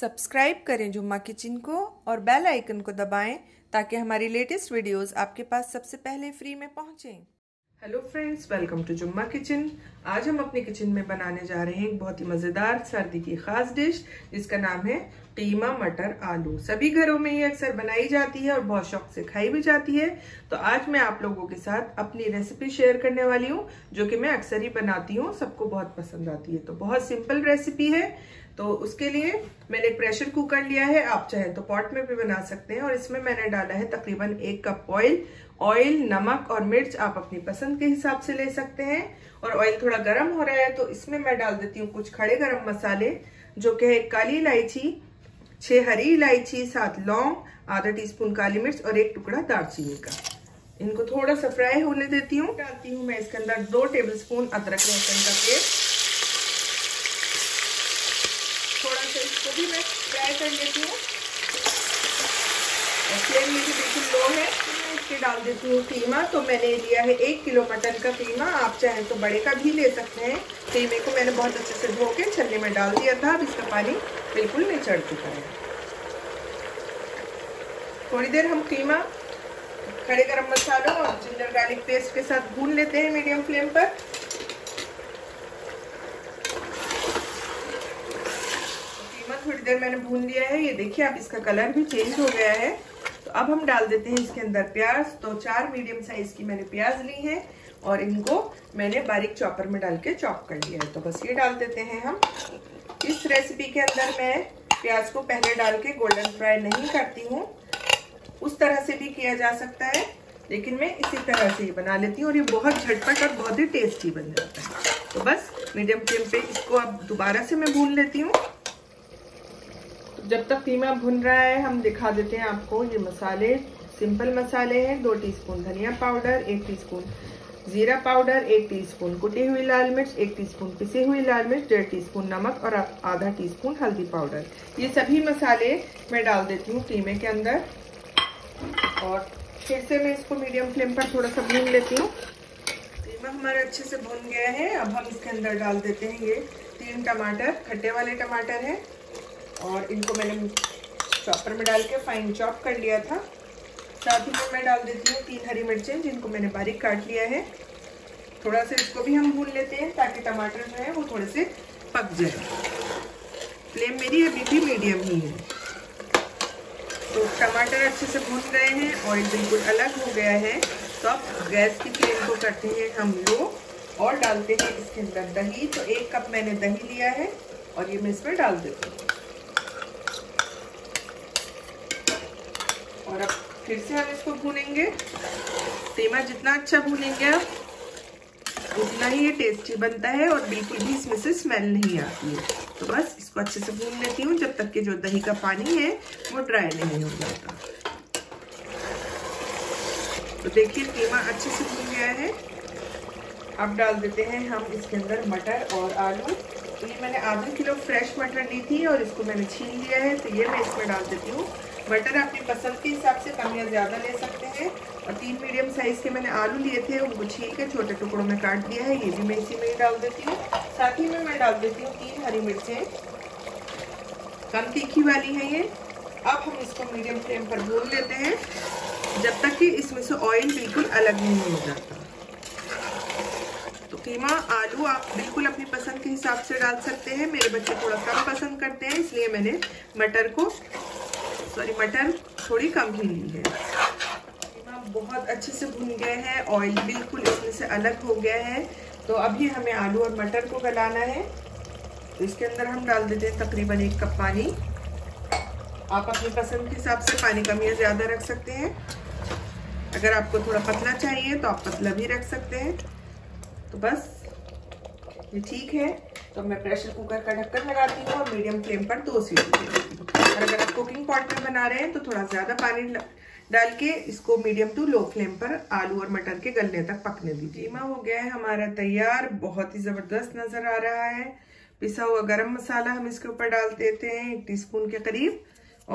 Subscribe करें Jumma kitchen को और बेल आइकन को दबाएं ताकि हमारी लेटेस्ट वीडियोस आपके पास सबसे पहले फ्री में पहुंचें hello friends welcome to Jumma kitchen आज हम अपने किचन में बनाने जा रहे हैं एक बहुत ही मज़ेदार सर्दी की ख़ास डिश जिसका नाम है कीमा मटर आलू सभी घरों में ये अक्सर बनाई जाती है और बहुत शौक से खाई भी जाती है तो आज मैं आप लोगों के साथ अपनी रेसिपी शेयर करने वाली हूँ जो कि मैं अक्सर ही बनाती हूँ सबको बहुत पसंद आती है तो बहुत सिंपल रेसिपी है तो उसके लिए मैंने प्रेशर कुकर लिया है आप चाहे तो पॉट में भी बना सकते हैं और इसमें मैंने डाला है तकरीबन एक कप ऑयल ऑयल नमक और मिर्च आप अपनी पसंद के हिसाब से ले सकते हैं और ऑयल थोड़ा गर्म हो रहा है तो इसमें मैं डाल देती हूँ कुछ खड़े गर्म मसाले जो कि है काली इलायची छह हरी इलायची सात लौंग आधा टी काली मिर्च और एक टुकड़ा दालचीनी का इनको थोड़ा सा फ्राई होने देती हूँ डालती हूँ मैं इसके अंदर दो स्पून अदरक लहसुन का पेस्ट इसको तो भी मैं फ्राई कर लेती हूँ फ्लेम मेरी बिल्कुल लो है तो मैं इसके डाल देती हूँ कीमा तो मैंने लिया है एक किलो मटन का कीमा आप चाहें तो बड़े का भी ले सकते हैं कीमे को मैंने बहुत अच्छे से धो के छन्ने में डाल दिया था अब इसका पानी बिल्कुल नहीं चढ़ चुका है थोड़ी देर हम कीमा खड़े गरम मसालों और जिंजर गार्लिक पेस्ट के साथ भून लेते हैं मीडियम फ्लेम पर जिधर मैंने भून लिया है ये देखिए आप इसका कलर भी चेंज हो गया है तो अब हम डाल देते हैं इसके अंदर प्याज तो चार मीडियम साइज की मैंने प्याज ली है और इनको मैंने बारीक चॉपर में डाल के चॉप कर लिया है तो बस ये डाल देते हैं हम इस रेसिपी के अंदर मैं प्याज को पहले डाल के गोल्डन फ्राई नहीं करती हूँ उस तरह से भी किया जा सकता है लेकिन मैं इसी तरह से ही बना लेती हूँ और ये बहुत झटपट और बहुत ही टेस्टी बन जाता है तो बस मीडियम फ्लेम पे इसको अब दोबारा से मैं भून लेती हूँ जब तक कीमा भुन रहा है हम दिखा देते हैं आपको ये मसाले सिंपल मसाले हैं दो टीस्पून धनिया पाउडर एक टीस्पून जीरा पाउडर एक टीस्पून कुटी हुई लाल मिर्च एक टीस्पून पिसी हुई लाल मिर्च डेढ़ टीस्पून नमक और आधा टीस्पून हल्दी पाउडर ये सभी मसाले मैं डाल देती हूँ कीमे के अंदर और फिर से मैं इसको मीडियम फ्लेम पर थोड़ा सा भून लेती हूँ कीमा हमारा अच्छे से भुन गया है अब हम इसके अंदर डाल देते हैं ये तीन टमाटर खट्टे वाले टमाटर हैं और इनको मैंने चॉपर में डाल के फाइन चॉप कर लिया था साथ ही मैं डाल देती हूँ तीन हरी मिर्चें जिनको मैंने बारीक काट लिया है थोड़ा सा इसको भी हम भून लेते हैं ताकि टमाटर जो है वो थोड़े से पक जाए फ्लेम मेरी अभी भी मीडियम ही है तो टमाटर अच्छे से भून गए हैं ऑयल बिल्कुल अलग हो गया है तो अब गैस की फ्लेम को करते हैं हम लो और डालते हैं इसके अंदर दही तो एक कप मैंने दही लिया है और ये मैं इसमें डाल देती हूँ और अब फिर से हम इसको भूनेंगे तेमा जितना अच्छा भूनेंगे आप उतना ही ये टेस्टी बनता है और बिल्कुल भी इसमें से स्मेल नहीं आती है तो बस इसको अच्छे से भून लेती हूँ जब तक कि जो दही का पानी है वो ड्राई नहीं हो जाता तो देखिए कीमा अच्छे से भून गया है अब डाल देते हैं हम इसके अंदर मटर और आलू तो ये मैंने आधा किलो फ्रेश मटर ली थी और इसको मैंने छीन लिया है तो ये मैं इसमें डाल देती हूँ मटर अपनी पसंद के हिसाब से कम या ज़्यादा ले सकते हैं और तीन मीडियम साइज़ के मैंने आलू लिए थे उनको छील के छोटे टुकड़ों में काट दिया है ये भी मैं इसी में ही डाल देती हूँ साथ ही में मैं डाल देती हूँ तीन हरी मिर्चें कम तीखी वाली है ये अब हम इसको मीडियम फ्लेम पर भून लेते हैं जब तक कि इसमें से ऑयल बिल्कुल अलग नहीं हो जाता तो कीमा आलू आप बिल्कुल अपनी पसंद के हिसाब से डाल सकते हैं मेरे बच्चे थोड़ा कम पसंद करते हैं इसलिए मैंने मटर को सॉरी मटर थोड़ी कम ही ली है बहुत अच्छे से भुन गए हैं ऑयल बिल्कुल इसमें से अलग हो गया है तो अभी हमें आलू और मटर को गलाना है तो इसके अंदर हम डाल देते हैं तकरीबन एक कप पानी आप अपनी पसंद के हिसाब से पानी कम या ज़्यादा रख सकते हैं अगर आपको थोड़ा पतला चाहिए तो आप पतला भी रख सकते हैं तो बस ये ठीक है तो मैं प्रेशर कुकर का ढक्कन लगाती हूँ और मीडियम फ्लेम पर दो सीटी देती हूँ और अगर आप कुकिंग पॉट में बना रहे हैं तो थोड़ा ज़्यादा पानी डाल के इसको मीडियम टू लो फ्लेम पर आलू और मटर के गलने तक पकने दीजिए कीमा हो गया है हमारा तैयार बहुत ही ज़बरदस्त नज़र आ रहा है पिसा हुआ गरम मसाला हम इसके ऊपर डाल देते हैं एक टीस्पून के करीब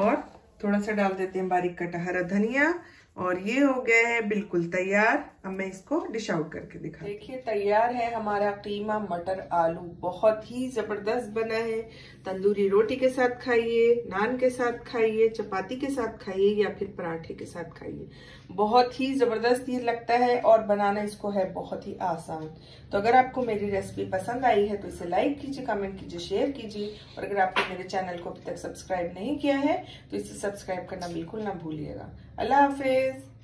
और थोड़ा सा डाल देते हैं बारीक कटा हरा धनिया और ये हो गया है बिल्कुल तैयार अब मैं इसको डिश आउट करके दिखा देखिए तैयार है हमारा कीमा मटर आलू बहुत ही जबरदस्त बना है तंदूरी रोटी के साथ खाइए नान के साथ खाइए चपाती के साथ खाइए या फिर पराठे के साथ खाइए बहुत ही जबरदस्त ये लगता है और बनाना इसको है बहुत ही आसान तो अगर आपको मेरी रेसिपी पसंद आई है तो इसे लाइक कीजिए कमेंट कीजिए शेयर कीजिए और अगर आपने मेरे चैनल को अभी तक सब्सक्राइब नहीं किया है तो इसे सब्सक्राइब करना बिल्कुल ना भूलिएगा I love Hafiz.